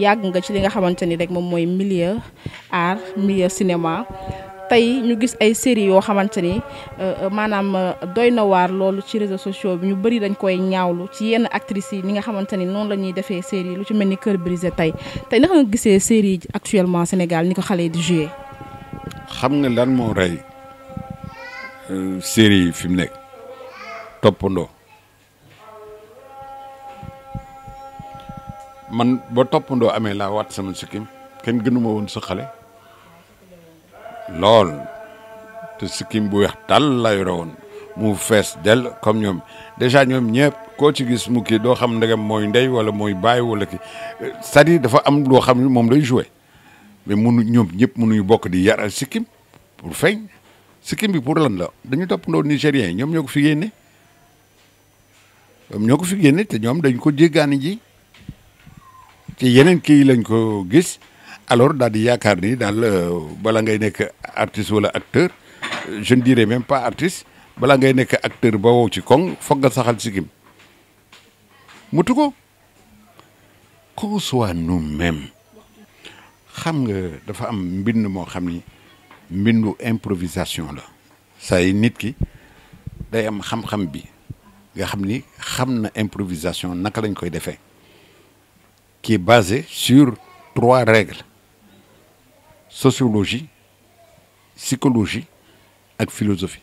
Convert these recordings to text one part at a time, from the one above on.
yàgg nga ci li nga xamante ni rek moom mooy millier art milieu cinéma tey ñu gis ay série yoo xamante ni euh, euh, maanaam euh, doy na waar loolu ci réseaux sociaux bi ñu bëri dañ koy ñaawlu ci yenn actrices yi ni nga xamante ni noonu la ñuy defee série lu ci mel ni Cœur brisé tey tey naka nga gisee série actuellement Sénégal ni ko xale yi di joué. xam nga lan moo rey série yi fi mu nekk toppandoo man ba toppandoo amee laa wat sama sikkim kenn gënuma woon sa xale lool te sikkim bu weex tàll laa yore mu fees del comme ñoom déjà ñoom ñëpp koo ci gis mu kii doo xam ndegam mooy ndey wala mooy baay wala ki cest dafa am loo xam ne moom lay joué mais munu ñoom ñëpp mënuñu bokk di yar sikkim pour feeñ sikkim bi pour lan la dañu toppandoo nigériens yi ñoom ñoo fi génne ñoom ñoo ko fi génne te ñoom dañu ko jéggaani ji ci yeneen kii lañ ko gis alors daal di yaakaar ni daal euh, bala ngay nekk artiste wala acteur jeune dire dirais même pas artiste bala ngay nekk acteur ba wow ci koŋ foog nga saxal sikkim mutu ko qu'on soit nous-mêmes xam nga dafa am mbind moo xam ni mbindu improvisation la saa yi nit ki day am xam-xam bi nga xam ni xam na improvisation naka lañ koy defee qui est basé sur trois règles sociologie psychologie ak philosophie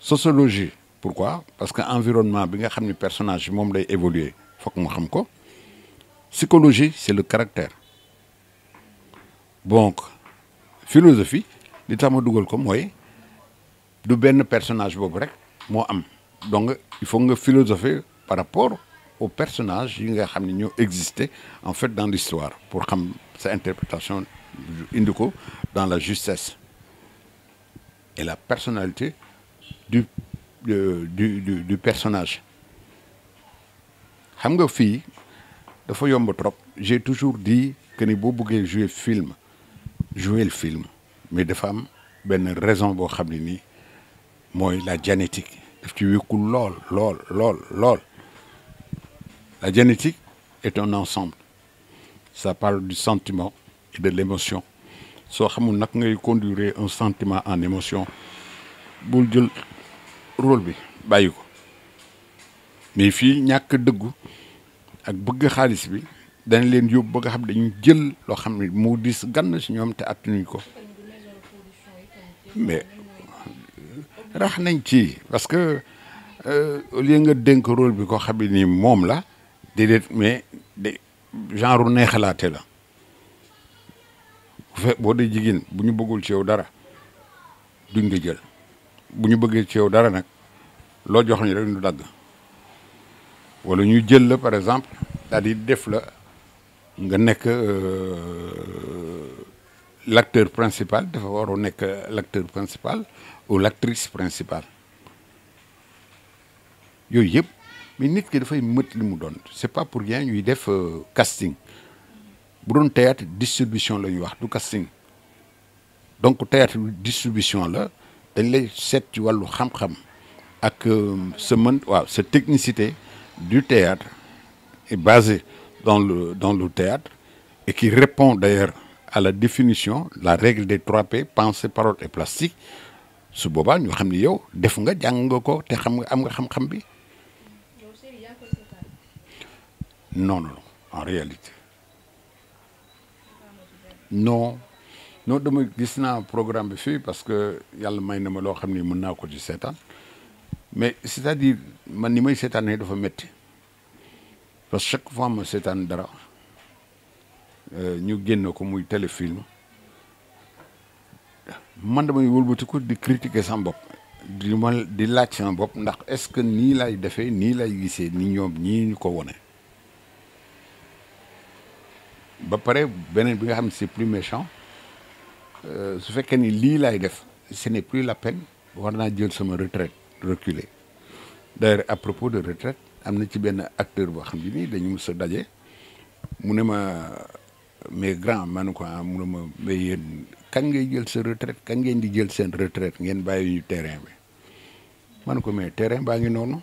sociologie pourquoi parce que environnement bi nga xam ni personnage bi moom lay évoluer fokk moo xam ko psychologie c'est le caractère donc philosophie li tax ma dugal ko mooy du benn personnage boobu rek moo am donc il faut nga philosopher par rapport au personnages yi nga xam ne ñoo existé en fait dans l'histoire pour xam sa interprétation indi ko dans la justesse et la personnalité du du personnage xam nga fii dafa yomb trop j'ai toujours di que ni boo bëggee jouer film jouer le mais dafa am benn raison boo xam ne nii mooy la génétique daf ci wékku lool lool lool lool La génétique est un ensemble. sa parle du sentiment et de l'émotion. soo xamul nag ngay conduire un sentiment en émotion bul jël rôle bi bàyyi ko mais fii ñàkk dëggu ak bëgg xaalis bi dañ leen yóbbu ba nga xam jël loo xam ne moo diis gann si ñoom te attanuñ ko mais rax nañ ci parce que euh, au lieu nga dénk rôle bi ko xam ne moom la déedéet mais de genre neexalaate la bu fe boo dee jigéen bu ñu bëggul ci yow dara duñ ko jël bu ñu bëggee ci yow dara nag loo jox ñu rek ñu dagg wala ñu jël la par exemple daal di def la nga nekk euh, l'acteur principal dafa waroo nekk l'acteur principal ou l'actrice principale yooyu yëpp mais nit ki dafay mët li mu doon c'est pas pour rien ñuy def euh, casting bu doon théâtre distribution la ñuy wax du casting donc théâtre distribution la dañ lay seet ci wàllu xam-xam ak euh, sa mën waaw sa technicité du théâtre est basée dans le dans le théâtre et qui répond d'ailleurs à la définition la règle des 3P pensée parole et plastique su boobaa ñu xam ni yow def nga jàng nga ko te xam nga am nga xam-xam bi non non en réalité non noon dama gis naa programme bi fii parce que yàlla may na ma loo xam ni mën naa ko ci seetaan mais c'est-à-dire man ni may seetaanee dafa métti parce que chaque fois ma seetaan dara euh, ñu génn ko muy téléfilm man damay wëlbatiku di critiquer sama bopp di ma di laaj sama ndax est-ce que nii lay defee nii lay gisee ni ñoom ñii ñu ko wone ba pare beneen bi nga xam ne c'est plus méchant euh, su fekkee ni lii laay def ce n'est plus la peine war naa jël sama retraite reculer d'ailleurs à propos de retraite am na ci benn acteur boo xam ne nii dañu mës a daje mu ne ma mais grand ma ko ah, mu ne ma mais yéen kan ngay jël sa retraite kan ngeen di jël seen retraite ngeen bàyyi ñu terrain bi ma ne ko mais terrain baa ngi noonu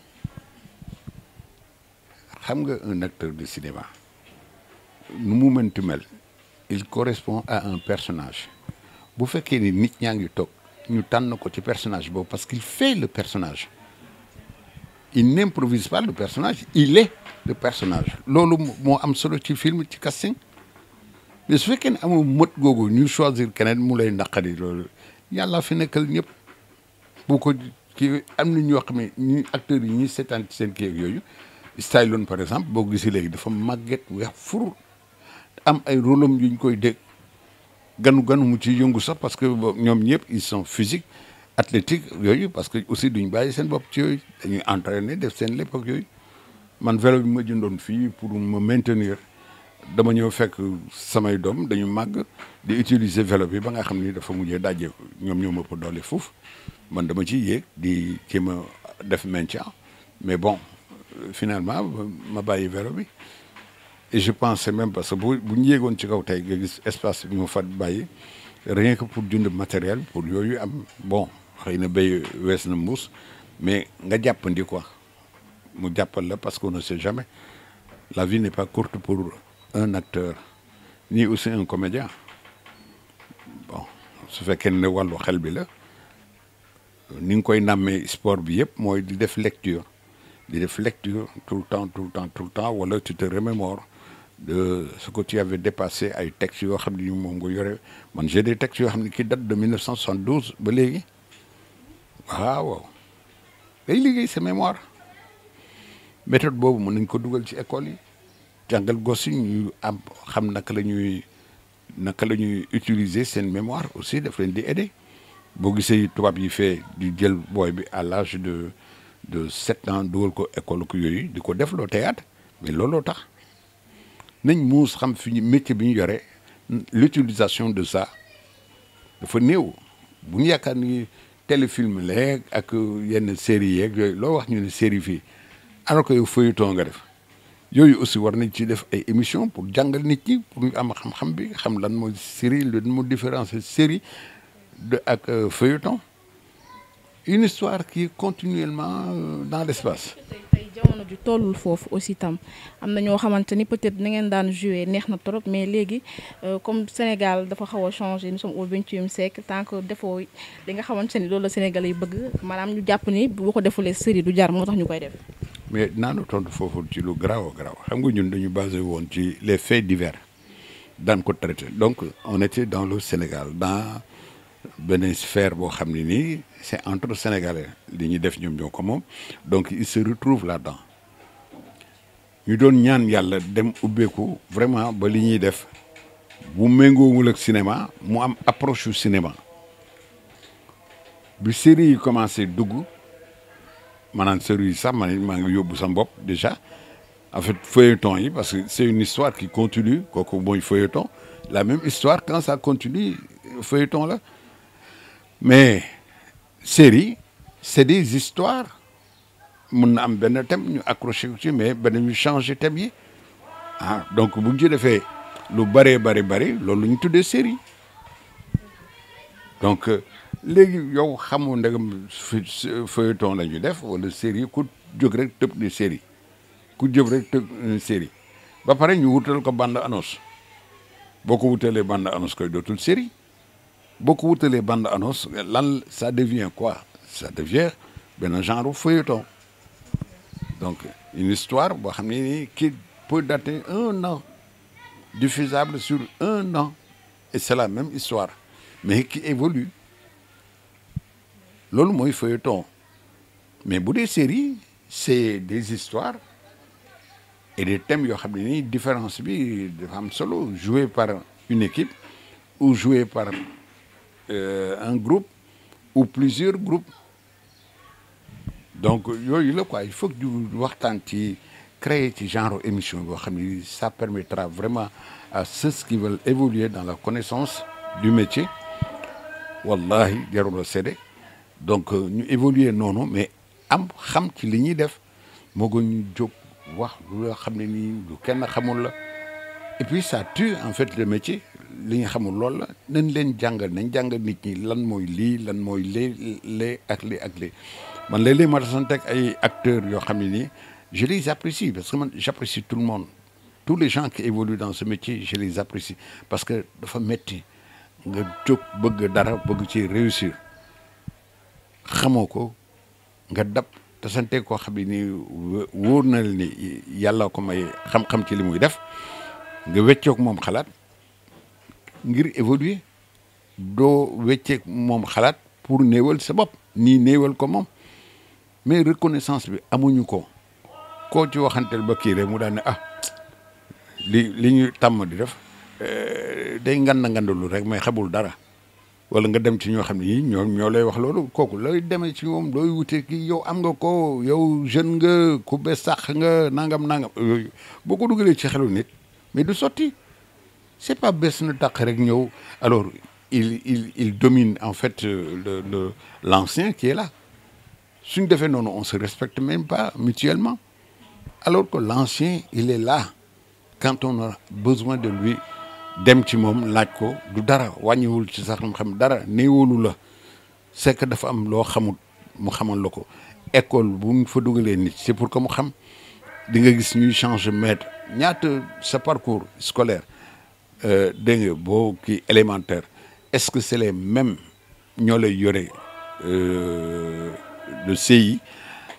xam nga un acteur de cinéma nu mu mënti mel il correspond à un personnage bu fekkee ni nit ñaa ngi toog ñu tànn ko ci personage boobu parce qu'il fait le personage il n'improvise pas le personnage il est le personnage loolu moo am solo ci film ci casting mais su fekkee ne amul mot googu ñu choisir keneen mu lay naqari loolu yàlla fi nekkal ñëpp bu ko kii am na ñoo xam mi ñu acteurs yi ñuy seetaan ci seen kii yooyu yooyu loon par exemple boo gisee léegi dafa màgget weex fur am ay rôle am yuñ koy dégg ganu ganu mu ciy yëngu sax parce que ñoom ñëpp ils sont physiques athlétiques yooyu parce que aussi duñ bàyyi seen bopp ci yooyu dañuy entraîner def seen lépp ak yooyu man vélo bi ma jëndoon fii pour ma maintenir dama ñëw fekk samay doom dañu màgg di utiliser vélo bi ba nga xam ni dafa mujjee dajee ñoom ñoo ma ëpp foofu man dama ciy yéeg di kii ma def maintien mais bon finalement ma bàyyi vélo bi et je pensais même parce que bu bu ñu yéegoon ci kaw tey nga gis espace bi mu fa bàyyi rien que pour jënd matériel pour yooyu am bon xëy na bay wees na mbuus mais nga jàppandi ko mu jàppal la parce que ne sait jamais la vie n'est pas courte pour un acteur ni aussi un comédien bon su fekkee ne wàllu xel bi la ni nga koy nàmmee sport bi yëpp mooy di def lecture di def lecture tout le temps tout le temps tout le temps wala tu te de ce que tu avais dépassé ay textes yoo xam ne ñu moom nga yore man j'ai des textes yoo xam ne ki datent de 1972 ba léegi waaw waaw day liggéey sa mémoire méthode boobu mën nañ ko dugal ci école yi jàngal gos yi ñu am xam naka la ñuy naka la ñuy utiliser seen mémoire aussi daf leen di aider boo gisee tubaab yi fee di jël booy bi à lage de de sept ans dugal ko école ko yooyu di ko def loo théâtre mais looloo tax nañ muus xam fi ñu métier bi ñu yore l'utilisation de ça dafa néew bu ñu yaakaar ni téléfilm leeg ak yenn série yeeg yooyu loo wax ñu ne série fii alors que yow feuilleton nga def yooyu aussi war nañ ci def ay émission pour jàngal nit ñi pour ñu am xam-xam bi xam lan mooy série lan moo différence série de ak euh, feuilleton une histoire qui est continuellement euh, dans l'espace jamono ji tollul foofu aussi tam am na ñoo xamante ni peut-être na ngeen daan jouer neex na trop mais léegi euh, comme Sénégal dafa xaw a changé nous sommes au vingtième siècle tant que defoo li nga xamante ni loolu la Sénégal yi bëgg maanaam ñu jàpp ni boo ko defulee série du jar moo tax ñu koy def. mais naa tontu foofu ci lu garaaw garaaw xam nga ñun dañu basé woon ci les faits divers daan ko traité donc on était dans le Sénégal dans. benn sphère boo xam ne nii c'est entre sénégalais li ñuy def ñoom ñoo ko moom donc il se retrouve là-dedans ñu doon ñaan yàlla dem ubbeeku vraiment ba li ñuy def bu méngoowul ak cinéma mu am approche su cinéma bi série yi commencé dugg maanaam série yi sax man maa ngi yóbbu sa bopp déjà en fait feuilleton yi parce que c'est une histoire qui continue kooku mooy feuilleton la même histoire quand ça continue feuilleton la mais série c'est des histoires mun na am benn thème ñu accroché ci mais benn ñu changé thème yi ah donc bu ñu ci defee lu bëree bëri bari loolu ñu tuddee série donc euh, léegi yow xamoo ndegam feuilleton la ñu def wala série ku jóg rek tëb ni série ku jóg rek ba pare ñu wutal ko bande annonce boo ko wutalee bande annonce koy dootul série boo ko wutalee bande annonce lan ça devient quoi ça devient benn genre feuilleton donc une histoire boo xam ne nii qui peut dater un an diffusable sur un an et c'est la même histoire mais qui évolue loolu mooy feuilleton mais bu dee série c'est des histoires et des thèmes yoo xam ne nii différence bi dafa am solo joué par une équipe ou joué par Euh, un groupe ou plusieurs groupes donc yooyu la quoi il faut que waxtaan ci créer ci genre émission boo xam ne ça permettra vraiment à ceux qui veulent évoluer dans la connaissance du métier wallahi jarul a séddee donc euh, ñu évoluer noonu mais am xam ci li ñuy def moo gën ñu jóg wax lu nga xam ne nii lu kenn xamul la et puis ça tue en fait le métier li ñu xamul loolu la nañ leen jàngal nañ jàngal nit ñi lan mooy lii lan mooy lee lee ak lii ak lii man léeg-léeg ma tasanteeg ay acteurs yoo xam ne nii je les apprécie parce que man j'apprécie tout le monde tous les gens qui évoluent dans ce métier je les parce que dafa metti nga jóg bëgg dara bëgg ci réussir xamoo ko nga dab tasanteeg koo xam ne nii wóor na la ni yàlla ko may xam-xam ci li muy def nga weccoog moom xalaat ngir évoluer doo wecceeg moom xalaat pour néewal sa bopp nii néewal ko moom mais reconnaissance bi amuñu ko koo ci waxanteel ba kii rek mu daan ne ah li li ñu tàmm di def eh, day nganda ngandalu rek mais xebul dara wala nga dem ci ñoo xam ne yii ñoom ñoo lay wax loolu kooku looy demee ci moom looy wute kii yow am nga ko yow jeune nga ku bees sax nga nangam nangam yooyu boo ko dugalee ci xelu nit mais du sotti c'est pas bés na tàq rek ñëw alors il il il domine en fait euh, le le l'ancien qui est là suñ defee noonu on se respecte même pas mutuellement alors que l'ancien il est là quand on a besoin de lui dem ci moom laaj ko du dara wàññiwul ci sax xam dara néewalu la c'est que dafa am loo xamut mu xamal la ko école bu mu fa dugalee nit c'est pour que mu xam di nga gis ñuy changer maître ñaata sa parcours scolaire Euh, dégg nga boo kii élémentaire est-ce que c'est les mêmes ñoo lay yore euh, le CI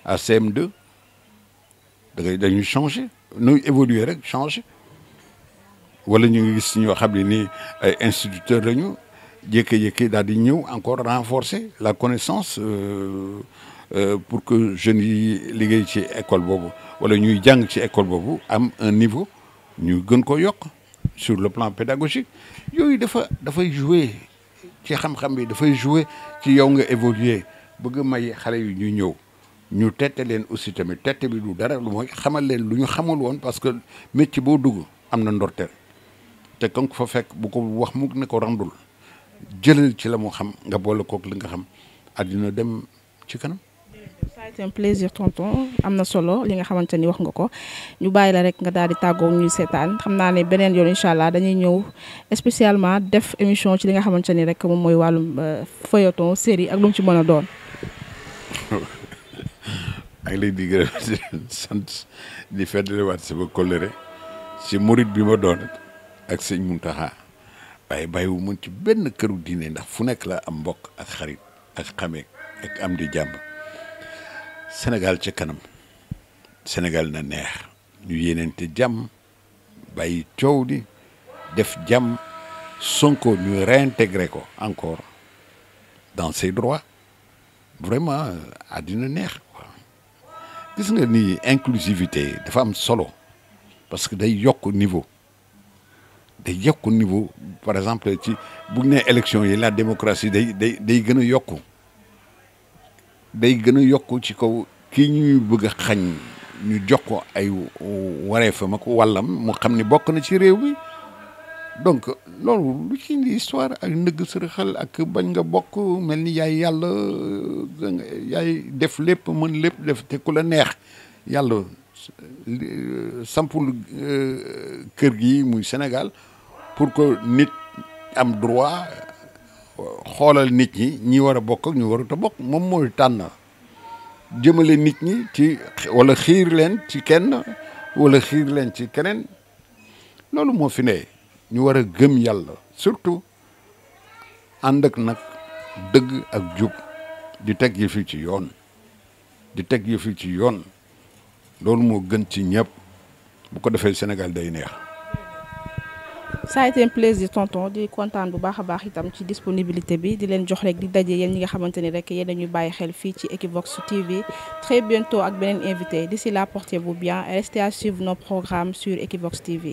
à CM2 da ngay dañuy changer nu évoluer rek changer wala ñu ngi gis ñoo xam ne nii ay instituteurs lañu jékki daal di ñëw encore renforcer la connaissance euh, euh, pour que jeunes yi liggéey ci école boobu wala ñuy jàng ci école boobu am un niveau ñu gën ko yokk. sur le plan pédagogique yooyu dafa dafay jouer ci xam-xam bi dafay jouer ci yow nga évoluer bëgg may xale yu ñu ñëw ñu tette leen aussi tamit tette bi du dara lu mooy xamal leen lu ñu xamul woon parce que métier boo dugg am na ndorte te kam ku fa fekk bu ko wax mu na ko randul jëlal ci la mu xam nga boole kook li nga xam àddina dem ci kanam c'est un am na solo li nga xamante ni wax nga ko ñu bàyyi la rek nga daal di tàggoo ñuy seetaan xam naa ne beneen yoon incha allah dañuy ñëw spécialement def émission ci li nga xamante ni rek moom mooy wàllum euh, feuilleton série ak lu mu ci mën a doon. ak lay di gërëm si murit bi ma doon ak sëñ Muntaxa waaye bàyyiwu mën ci benn këru diine ndax fu nekk la am mbokk ak xarit ak xame ak am di jàmm. Sénégal ci kanam Sénégal na neex ñu yéeneente jàmm bay coow di def jam Sonko ñu réintégrer ko encore dans ses droit vraiment euh, àddina neex quoi gis nga ni inclusivité dafa am solo parce que day yokk niveau day yokk niveau par exemple ci bu nee élection yi la démocratie day day day gën a yokku day gën a yokk ci kaw kii ñuy bëgg a xañ ñu jox ko ay wareefam ak wàllam mu xam ni bokk na ci réew mi donc loolu lu ci indi histoire ak ndëgg sërëxal ak bañ nga bokk mel ni yaay yàlla yaay def lépp mën lépp def te ku la neex yàlla euh, sampul euh, kër gi muy Sénégal pour que nit am droit xoolal nit ñi ñi war a bokk ak ñu warut a bokk moom mooy tànn jëmale nit ñi ci walla xiir leen ci kenn wala xiir leen ci keneen loolu moo fi ne ñu war a gëm yàlla surtout ànd ak nag dëgg ak jub di teg yëf ci yoon di teg yëf ci yoon loolu moo gën ci ñëpp bu ko defee Sénégal day neex ca a été un tonton di kontaan bu baax a baax itam ci disponibilité bi di leen jox rek di daje yéen ñi nga xamante ni rek yéen dañuy bàyyi xel fii ci Equivox TV très bientôt ak beneen invité d'ici là portez-vous bien et restez à suivre nos programmes sur Equivox TV